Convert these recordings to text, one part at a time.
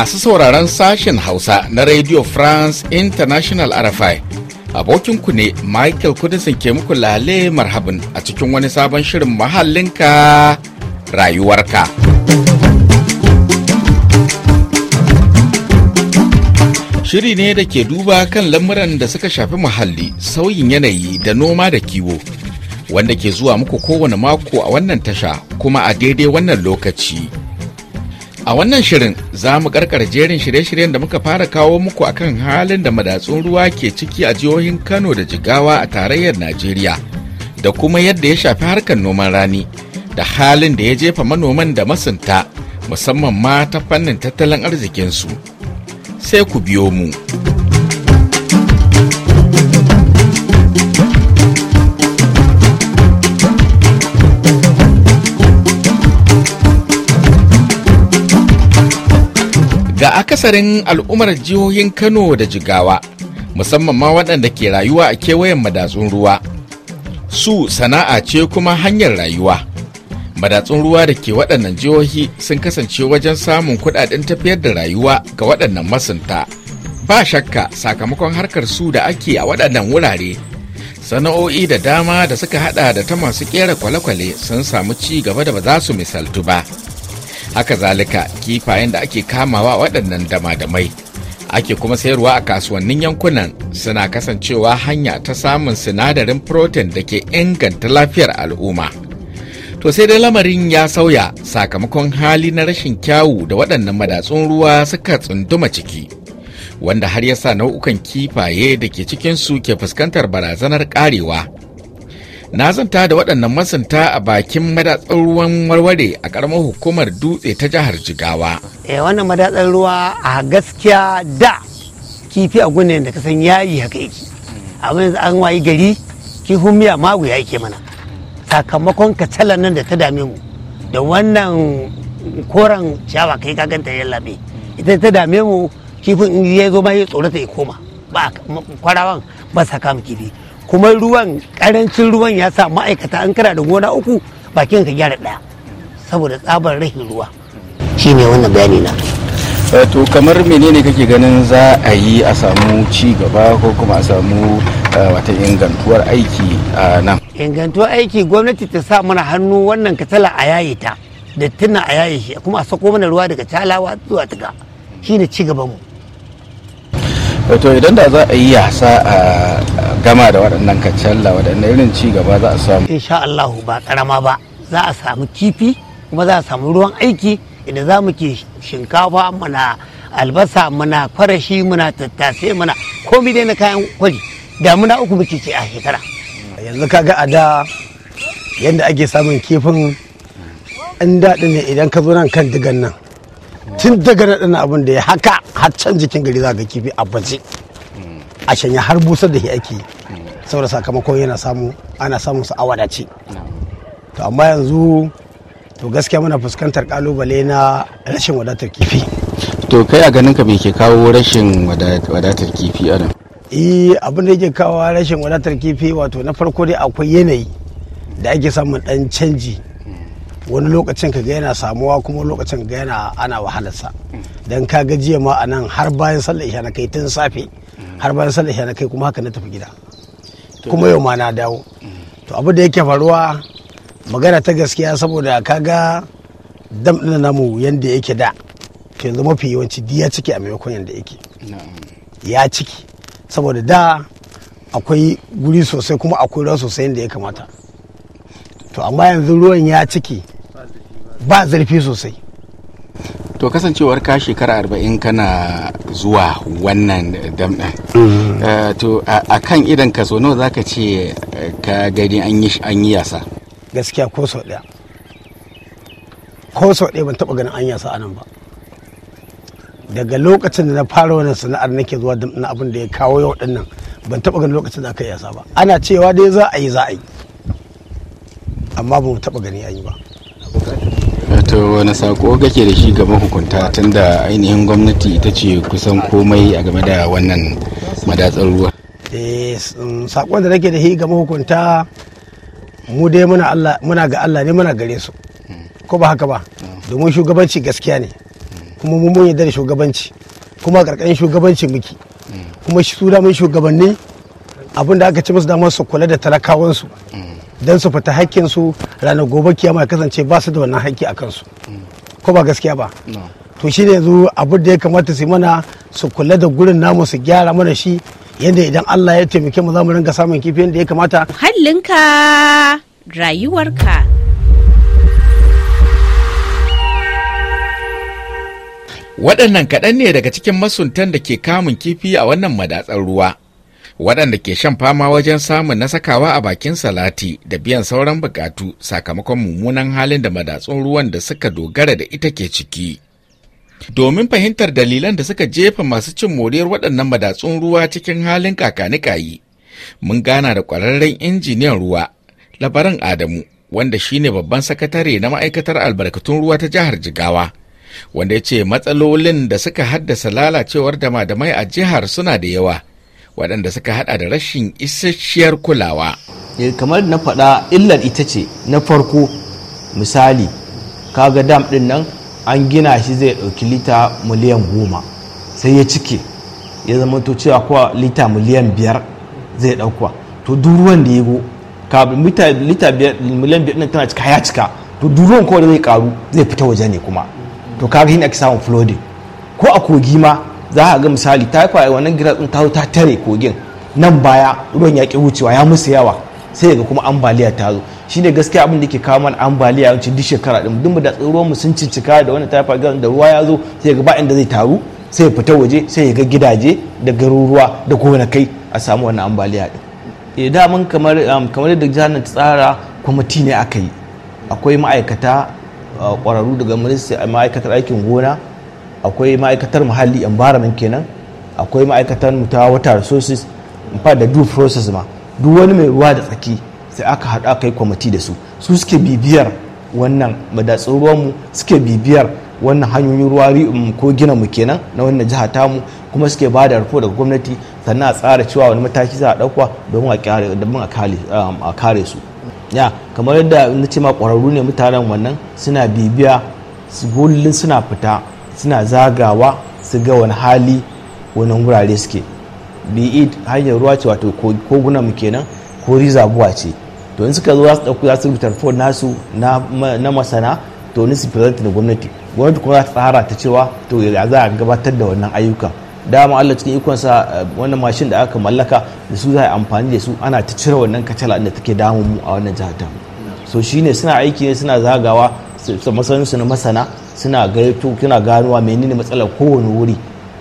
masu sauraron sashen Hausa na Radio France International RFI. Abokinku ne Michael Kudisin ke muku lale marhabin a cikin wani sabon shirin mahallinka rayuwarka. Shiri ne da ke duba kan lamuran da suka shafi muhalli, sauyin yanayi da noma da kiwo. wanda ke zuwa muku kowane mako a wannan tasha kuma a daidai wannan lokaci A wannan shirin za mu karkar jerin shirye-shiryen da muka fara kawo muku akan halin da madatsun ruwa ke ciki a jihohin Kano da Jigawa a tarayyar Najeriya da kuma yadda ya shafi harkar noman rani da halin da ya jefa manoman da masunta musamman ma ta fannin tattalin arzikinsu. Sai ku biyo mu. ga akasarin al'ummar jihohin kano da jigawa musamman ma waɗanda ke rayuwa a kewayen madatsun ruwa su sana'a ce kuma hanyar rayuwa madatsun ruwa da ke waɗannan jihohi sun kasance wajen samun kuɗaɗen tafiyar da rayuwa ga waɗannan masunta ba shakka sakamakon harkar su da ake a waɗannan wurare sana'o'i da dama da suka haɗa da ta masu ƙera kwale-kwale sun samu ci gaba da ba za su misaltu ba haka zalika kifayen da ake kamawa waɗannan dama-damai ake kuma sayarwa a kasuwannin yankunan suna kasancewa hanya ta samun sinadarin protein da ke inganta lafiyar al'umma to sai dai lamarin ya sauya sakamakon hali na rashin kyawu da waɗannan madatsun ruwa suka tsunduma ciki wanda har ya sa nau'ukan kifaye da ke cikinsu ke fuskantar barazanar karewa na zanta da waɗannan masanta a bakin madatsar ruwan warware a ƙaramar hukumar dutse ta jihar jigawa eh wannan madatsar ruwa a gaskiya da kifi a gunin da kasan yayi haka yake a yanzu an wayi gari kifin miya magu ya yake mana sakamakon kacalan nan da ta dame mu da wannan koren ciyawa kai ka ganta ya labe ita ta dame mu kifin ya zo ma ya tsorata ya koma ba kwarawan ba saka kifi kuma ruwan karancin ruwan ya sa ma'aikata an kana da gona uku bakin ka gyara ɗaya saboda tsabar rahin ruwa Shi ne wannan bayani na eh, to kamar menene kake ganin za a yi a samu ci gaba ko kuma a samu eh, wata ingantuwar aiki a nan ingantuwar aiki gwamnati ta sa mana hannu wannan katala a yaye ta da tuna a yaye shi kuma a sako mana ruwa daga talawa zuwa tuga shine ci gaban mu wato idan da za a yi yasa a gama da waɗannan kacalla waɗannan irin ci gaba za a samu insha Allah ba karama ba za a samu kifi kuma za a samu ruwan aiki idan za mu ke shinkafa muna albasa muna farashi muna tattase muna komai dai na kayan da muna uku muke ce a shekara yanzu kaga a da yadda ake samun kifin in daɗi ne idan ka zo nan kan digan nan tun daga naɗin abin da ya haka har can jikin gari za ga kifi a bace. a shanya har busar da shi ake saboda sakamakon yana samu ana samun su a wadace to amma yanzu to gaskiya muna fuskantar kalubale na rashin wadatar kifi to kai a ganin ka me ke kawo rashin wadatar kifi eh abin da yake kawo rashin wadatar kifi wato na farko dai akwai yanayi da ake samun dan canji wani lokacin ka ga yana samuwa kuma lokacin ga yana ana wahalarsa don ka ga jiya ma a nan har bayan sallar isha na kai tun safe har bayan sallar isha na kai kuma haka na tafi gida kuma yau ma na dawo to abu da yake faruwa magana ta gaskiya saboda ka ga dam ɗin namu yanda yake da to yanzu mafi yawanci diya ciki a maimakon yanda yake ya ciki saboda da akwai guri sosai kuma akwai ruwa sosai yadda ya kamata to amma yanzu ruwan ya ciki ba zurfi sosai to kasancewar ka shekara arba'in kana zuwa wannan damɗa mm. eh, to a kan idan ka so nawa za ka ce eh, ka gani an yi yasa gaskiya ko sau daya ko sau daya ban taɓa ganin an yasa a nan ba daga lokacin da na fara wannan sana'ar nake zuwa na abin da ya kawo yau ɗin nan ban taɓa ganin lokacin da aka yasa ba ana cewa dai za a yi za a yi amma ba mu taɓa gani an yi ba to wani sako kake da shi ga mahukunta tunda ainihin gwamnati ita ce kusan komai a game da wannan madatsar ruwa eh, mm, sakon da nake da shi ga mahukunta mu dai muna ga allah ne muna gare su ko ba haka ba domin shugabanci gaskiya ne kuma mun mun yadda da shugabanci kuma karkashin shugabanci muke kuma su da mun shugabanni abinda da aka ci musu damar su kula da talakawansu don su fita hakkinsu ranar gobe kiyama ya kasance ba su da wannan hakki a kansu ko ba gaskiya ba to shi ne yanzu abu da ya kamata su mana su kula da gurin namu su gyara mana shi yadda idan Allah ya taimake mu za mu samun kifi yadda ya kamata hallinka rayuwarka waɗannan kaɗan ne daga cikin masuntan da ke kamun kifi a wannan madatsar ruwa waɗanda ke shan fama wajen samun nasakawa a bakin salati da biyan sauran bukatu sakamakon mummunan halin da madatsun ruwan da suka dogara da ita ke ciki. Domin fahimtar dalilan da suka jefa masu cin moriyar waɗannan madatsun ruwa cikin halin kakanikayi, mun gana da ƙwararren injiniyan ruwa, labaran Adamu, wanda shine babban sakatare na ma'aikatar albarkatun ruwa ta jihar Jigawa. wanda ya ce matsalolin da suka haddasa lalacewar da damadamai a jihar suna da yawa waɗanda suka hada da rashin isasshiyar kulawa eh, kamar na faɗa illar ita ce na farko misali kaga dam ɗin nan an gina shi zai ɗauki lita miliyan goma sai ya cike ya zama to cewa kuwa lita miliyan biyar zai ɗauka to duruwan da ya go lita miliyan biyar tana cika ya cika to duruwan kawai zai karu zai fita waje ne kuma to kaga hin ake samun flooding ko a kogi ma za a ga misali ta kwaye wannan girar ta ta ta tare kogin nan baya ruwan ya ki wucewa ya musu yawa sai ga kuma ambaliya ta zo ne gaskiya abin da ke kawo mana ambaliya yawanci duk shekara din duk da ruwan mu sun cincika da wannan taifa gan da ruwa ya zo sai ga ba inda zai taru sai ya fita waje sai ya ga gidaje da garuruwa da gonakai a samu wannan ambaliya din eh kamar um, kamar da jihar ta tsara kwamiti ne aka yi akwai ma'aikata kwararru uh, daga ma'aikatar aikin gona akwai ma'aikatar muhalli environment kenan akwai ma'aikatar mu ta water resources fa da due process ma duk wani mai ruwa da tsaki sai aka haɗu aka yi kwamiti da su su suke bibiyar wannan madatsun ruwanmu suke bibiyar wannan hanyoyin ruwa um, ko gina mu kenan na wannan jiha tamu kuma suke ba da rufo daga gwamnati sannan a tsara cewa wani mataki za a ɗauka don um, a kare su ya kamar yadda na ce ma ƙwararru ne mutanen wannan suna bibiya kullum suna fita suna zagawa su ga wani hali wani wurare suke bi'id hanyar ruwa ce wato koguna mu kenan ko riza buwa ce to in suka zo za su ɗauki za su rubuta report nasu na masana to ni su present da gwamnati gwamnati kuma za ta tsara ta cewa to ya za a gabatar da wannan ayyukan dama Allah cikin ikonsa eh, wannan mashin da aka mallaka da su za a amfani da su ana ta cire wannan kacala inda take damun mu a wannan jihar ta so shine suna aiki ne suna zagawa su na masana suna gaito kina ganowa menene matsalar kowane wuri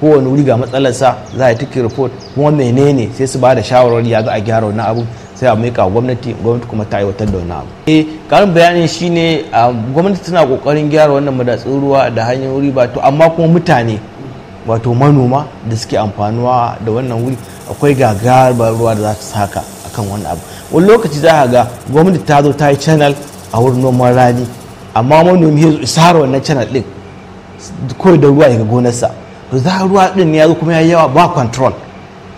kowane wuri ga matsalarsa za a take report kuma menene sai su bada da shawarwari ya ga a gyara wannan abu sai a maika gwamnati gwamnati kuma ta aiwatar da wannan abu eh karin bayanin shine gwamnati tana kokarin gyara wannan madatsun ruwa da hanyoyi ba to amma kuma mutane wato manoma da suke amfanuwa da wannan wuri akwai gagarubar ruwa da za ta saka akan wani abu wani lokaci za ga gwamnati ta zo ta yi channel a wurin noman rani amma manomi ya zo isar wannan channel din kawai da ruwa ga gonarsa to za ruwa din ya zo kuma ya yawa ba control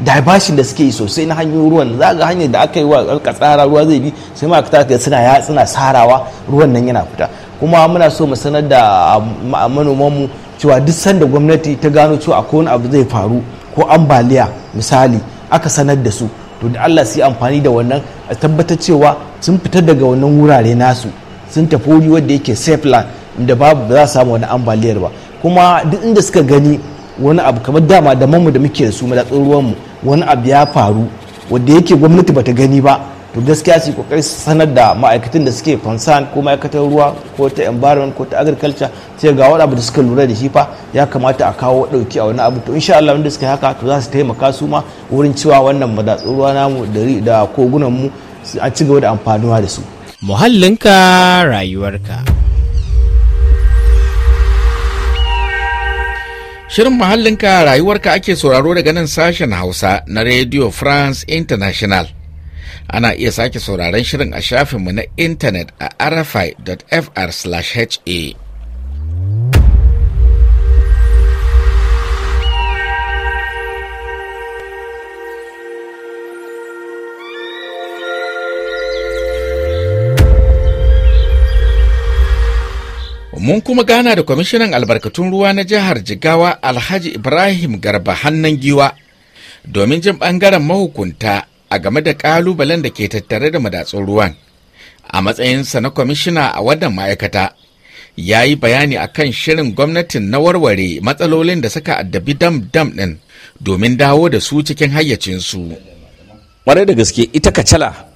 diversion da suke yi sosai na hanyoyin ruwan za ga hanyar da aka yi wa ka tsara ruwa zai bi sai ma ta ga suna ya suna sarawa ruwan nan yana fita kuma muna so mu sanar da um, mu cewa duk sanda gwamnati ta gano cewa akwai wani abu zai faru ko ambaliya misali aka sanar da su to da Allah su yi amfani da wannan a tabbatar cewa sun fita daga wannan wurare nasu sun tafi wuri wanda yake safe land inda babu ba za su samu wani ambaliyar ba kuma duk inda suka gani wani abu kamar dama da mamu da muke da su mu ruwanmu wani abu ya faru wanda yake gwamnati bata gani ba to gaskiya su kokari su sanar da ma'aikatan da suke concern ko ma'aikatar ruwa ko ta environment ko ta agriculture sai ga wani abu da suka lura da shi fa ya kamata a kawo dauki a wani abu to insha Allah wanda suka haka to za su taimaka su ma wurin cewa wannan madatsun namu da kogunan mu a ci gaba da amfanuwa da su muhallinka rayuwarka. Shirin muhallinka rayuwarka ake sauraro daga nan sashen Hausa na Radio France International. Ana iya sake sauraron shirin a shafinmu na intanet a rfi.fr/ha. Mun kuma gana da kwamishinan albarkatun ruwa na jihar Jigawa Alhaji Ibrahim Garba Hannan Giwa domin jin ɓangaren mahukunta a game da ƙalubalen da ke tattare da madatsun ruwan. A matsayinsa na kwamishina a wannan ma'aikata, ya yi bayani a kan shirin gwamnatin na warware matsalolin da suka addabi dam-dam ɗin domin dawo da su cikin hayyacinsu. Ƙwarai da gaske ita kacala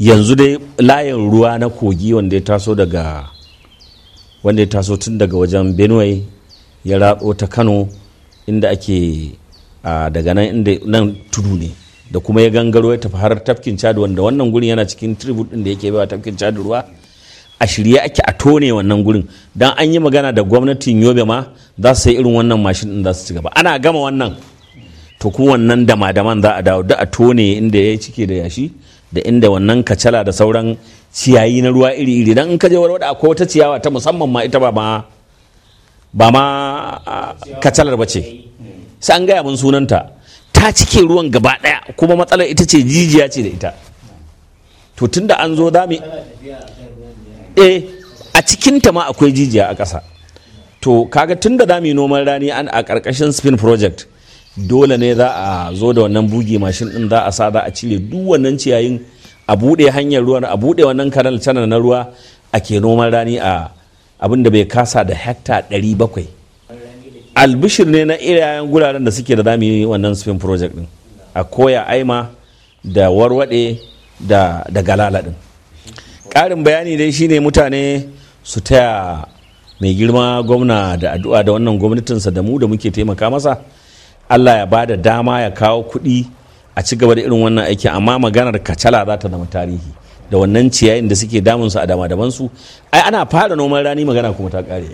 yanzu dai layin ruwa na kogi wanda ya taso daga wanda ya taso tun daga wajen benue ya ratso ta kano inda ake daga nan inda nan tudu ne da kuma ya gangaro ya tafi har tafkin chad wanda wannan gurin yana cikin tribute din da yake bawa tafkin chad ruwa a shirye ake a tone wannan gurin dan an yi magana da gwamnatin yobe ma za su sai irin wannan mashin din za su ci gaba ana gama wannan to kuma wannan dama daman za a dawo da a tone inda ya cike da yashi da inda wannan kacala da sauran ciyayi na ruwa iri-iri don in ka je warwada akwai wata ciyawa ta musamman ma ita ba ma ba ma kacalar ba ce sai an gaya mun sunanta ta cike ruwan gaba daya kuma matsalar ita ce jijiya ce da ita to tunda an zo dami eh a cikinta ma akwai jijiya a ƙasa to kaga tunda dami noman rani an a ƙarƙashin spin project dole ne za a zo da wannan bugi mashin din za a sa za a cire duk wannan ciyayin a buɗe hanyar ruwa, a buɗe wannan kanal canar na ruwa ake noman rani a abin da bai kasa da hekta bakwai. albishir ne na irayen guraren da suke da dami wannan spin project din a koya aima da warwade da, da galala din ƙarin bayani dai shine mutane su taya mai girma gwamna da addu'a da wannan gwamnatinsa da mu da muke taimaka masa allah ya ba da dama ya kawo kuɗi a ci gaba da irin wannan aiki amma maganar kacala za ta zama tarihi da wannan ciyayin da suke damun su a dama daban su ai ana fara noman rani magana kuma ta kare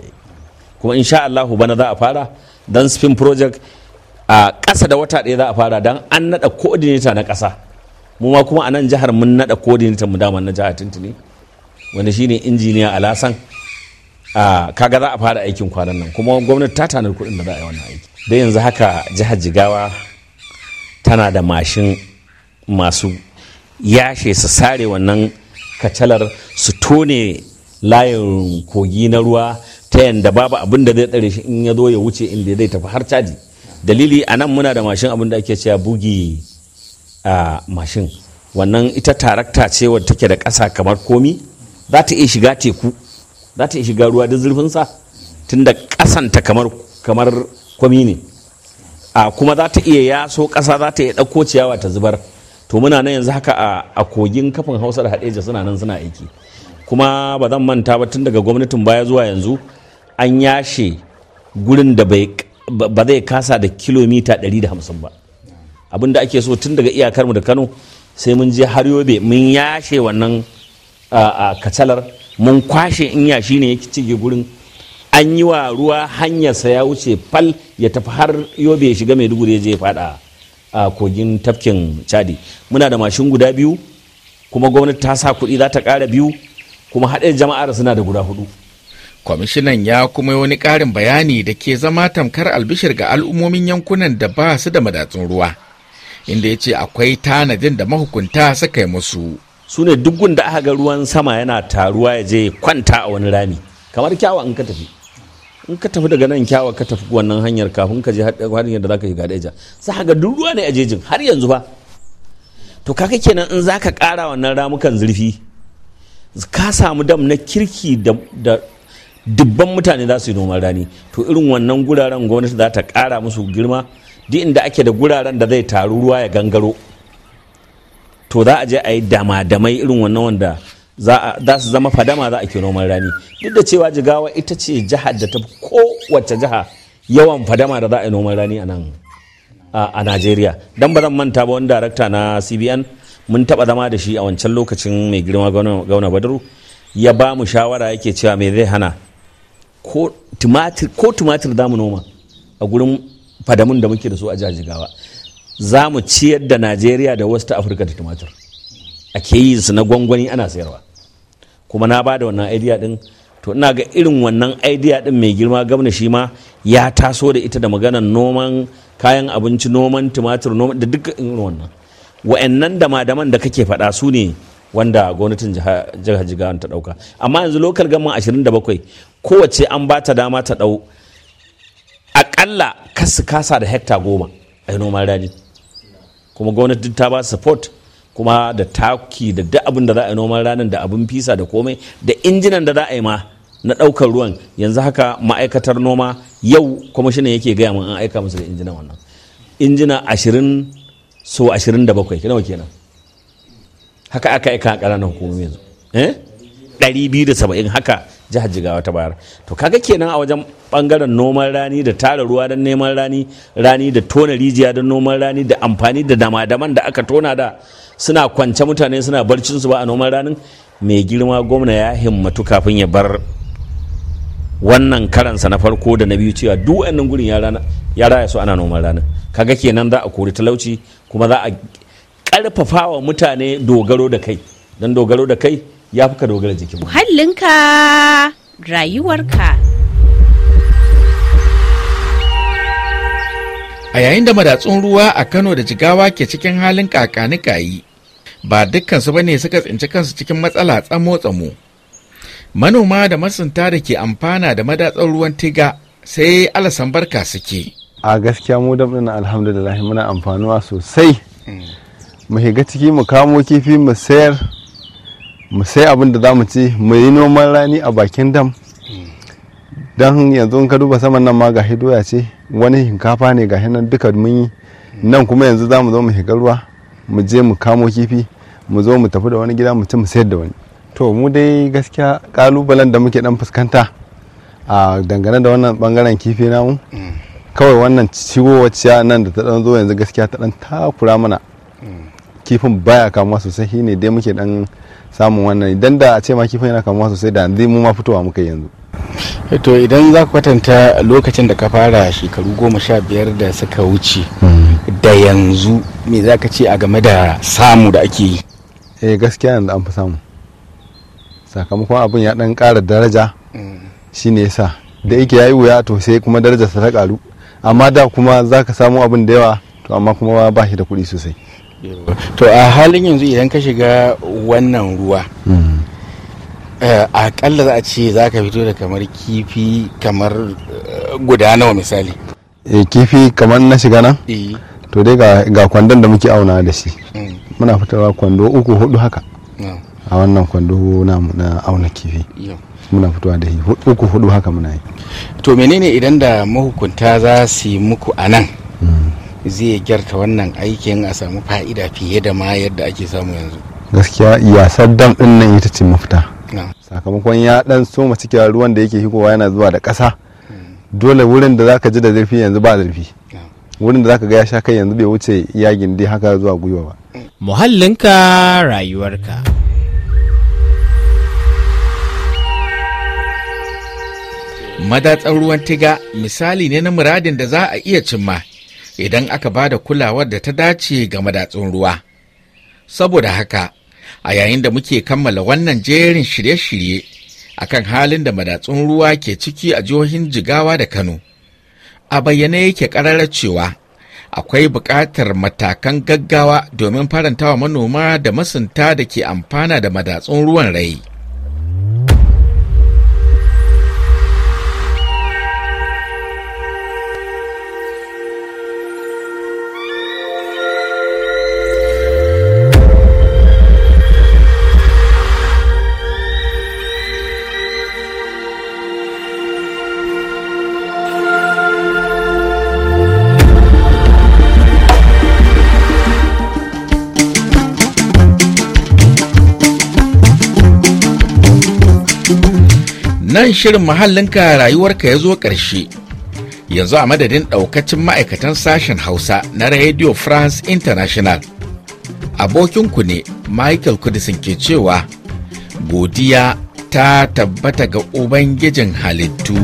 kuma insha Allahu bana za a fara dan spin project a ƙasa da wata ɗaya za a fara dan an nada coordinator na ƙasa mu ma kuma a nan jihar mun nada coordinator mu na jihar Tintini wanda shine injiniya Alasan a kaga za a fara aikin kwanan nan kuma gwamnati ta tanar kuɗin da za a yi wannan aiki da yanzu haka jihar Jigawa tana da mashin masu yashe su sare wannan kacalar su tone layin kogi na ruwa ta yadda babu abin da zai tsare shi in ya zo ya wuce inda zai tafi har caji dalili a nan muna da mashin abin da ake cewa bugi a mashin wannan ita tarakta ce wadda take da kasa kamar komi za ta iya shiga teku za ta iya shiga ruwa da zurfinsa tun da ƙasanta kamar komi ne a kuma za ta iya yaso ƙasa za ta iya ɗauko ciyawa ta zubar to muna nan yanzu haka a kogin kafin hausa da hadeja suna nan suna aiki kuma ba zan manta ba tun daga gwamnatin baya zuwa yanzu an yashe gurin da ba zai kasa da kilomita 150 ba abin da ake so tun daga iyakar mu da kano sai mun je har yobe mun yashe wannan kacalar mun kwashe in yashi ne ya cike gurin an yi wa ruwa hanyarsa ya wuce fal ya tafi har yobe ya shiga maiduguri ya je fada a kogin tafkin chadi muna da mashin guda biyu kuma gwamnati ta sa kuɗi za ta ƙara biyu kuma haɗin jama'ar suna da guda hudu kwamishinan ya kuma wani ƙarin bayani da ke zama tamkar albishir ga al'ummomin yankunan da ba su da madatsun ruwa inda ya ce akwai tanadin da mahukunta suka yi musu su ne duk da aka ga ruwan sama yana taruwa ya je kwanta a wani rami kamar kyawa in ka tafi in ka tafi daga nan kyawa ka tafi wannan hanyar kafin ka je hanyar da za ka shiga daja za ga duk ruwa ne a jejin har yanzu ba to kaka kenan in zaka ka kara wannan ramukan zurfi ka samu dam na kirki da dubban mutane za su yi noman rani to irin wannan guraren gwamnati za ta kara musu girma duk inda ake da guraren da zai taru ruwa ya gangaro to za a je a yi dama-damai irin wannan wanda za su zama fadama za a ke noman rani duk da cewa jigawa ita ce jihar da ta kowace jiha yawan fadama da za a yi noman rani a nan a najeriya don ba zan manta ba wani darakta na cbn mun taba zama da shi a wancan lokacin mai girma gauna badaru ya ba mu shawara yake cewa mai zai hana ko tumatir za mu noma a gurin fadamun da muke da su a jihar jigawa za mu ciyar da najeriya da wasu ta afirka da tumatir a ke yi su na gwangwani ana sayarwa kuma na bada wannan idea din to ina ga irin wannan idea din mai girma gwamna shi ma ya taso da ita da maganar noman kayan abinci noman tumatir noman da duk irin wannan wa'annan da madaman da kake faɗa su ne wanda gwamnatin jihar jigawan ta ɗauka amma yanzu lokal gama 27 kowace an ba ta dama ta ɗau aƙalla kasu kasa da hekta goma a noman rani kuma gwamnati ta ba support kuma da taki da duk abin da za a yi noman ranar da abin fisa da komai da injinan da za a yi ma na ɗaukar ruwan yanzu haka ma'aikatar noma yau kuma shi ne yake gaya min an aika musu da injinan wannan injina ashirin so ashirin da bakwai nawa kenan haka aka aika a ƙananan hukumomi yanzu eh ɗari biyu da saba'in haka jihar jigawa ta bayar to kaga kenan a wajen bangaren noman rani da tara ruwa don neman rani rani da tona rijiya don noman rani da amfani da dama-daman da aka tona da suna kwance mutane suna barcin su ba a noman ranin mai girma gwamna ya himmatu kafin ya bar wannan karansa na farko da na biyu cewa duk wannan gurin ya raya su ana noman ranin kaga kenan za a kori talauci kuma za a karfafa wa mutane dogaro da kai don dogaro da kai ya fi ka dogara jikin muhallinka rayuwarka a yayin da madatsun ruwa a kano da jigawa ke cikin halin kakanikayi ba dukkansu ba ne suka tsinci kansu cikin matsala tsamo-tsamo manoma da masunta da ke amfana da madatsun ruwan tiga sai alasan barka suke a gaskiya mu muna alhamdulillah muna amfanuwa sosai hmm. mu shiga ciki mu kamo kifi mu sayar mu sai abin da za mu ci mu yi noman rani a bakin dam don yanzu in ka duba saman nan ma ga doya ce wani hinkafa ne ga nan duka mun yi nan kuma yanzu za mu zo mu shiga ruwa mu je mu kamo kifi mu zo mu tafi da wani gida mu ci mu sayar da wani to mu dai gaskiya kalubalen da muke dan fuskanta a dangane da wannan bangaren kifi namu kawai wannan ciwo ciwowacciya nan da ta dan zo yanzu gaskiya ta dan takura mana kifin baya kamuwa sosai shine dai muke dan samun wannan idan da a ce ma kifin yana kamuwa sosai da yanzu mu ma fitowa muka yanzu eh to idan za ku kwatanta lokacin da ka fara shekaru goma sha biyar da suka wuce hmm. da yanzu me za ka ce a game da samu da ake yi eh gaskiya yanzu an fi samu sakamakon abin ya dan kara daraja hmm. shine yasa da ya yayi wuya to sai kuma darajarsa ta karu amma da kuma za ka samu abin da yawa to amma kuma ba shi da kuɗi sosai to a halin yanzu idan ka shiga wannan ruwa eh, akalla za a ce za ka fito da kamar kifi kamar eh, guda nawa misali eh, kifi kamar na shiga nan to dai ga kwandon da muke auna da shi mm. muna fitarwa kwando uku hudu haka mm. a wannan kwando na auna kifi muna fitowa da uku hudu haka muna yi to menene idan da mahukunta za su yi muku a nan zai gyarta wannan aikin a samu fa'ida fiye da ma yadda ake samu yanzu gaskiya yasar dam din nan ita ce mafita sakamakon ya dan soma cikin ruwan da yake hikowa yana zuwa da ƙasa dole wurin da zaka ji da zurfi yanzu ba zurfi wurin da zaka ga ya sha kai yanzu bai wuce ya gindi haka zuwa gwiwa ba muhallinka rayuwarka madatsar ruwan tiga misali ne na muradin da za a iya cimma idan aka ba da kulawar da ta dace ga madatsun ruwa. Saboda haka, a yayin da muke kammala wannan jerin shirye-shirye a kan halin da madatsun ruwa ke ciki a jihohin Jigawa da Kano, a bayyane yake ƙararra cewa akwai buƙatar matakan gaggawa domin farantawa manoma da masunta da ke amfana da madatsun ruwan rai. nan shirin muhallinka rayuwarka ya zo ƙarshe yanzu a madadin ɗaukacin ma'aikatan sashen hausa na radio france international abokinku ne michael kudisin ke cewa godiya ta tabbata ga ubangijin halittu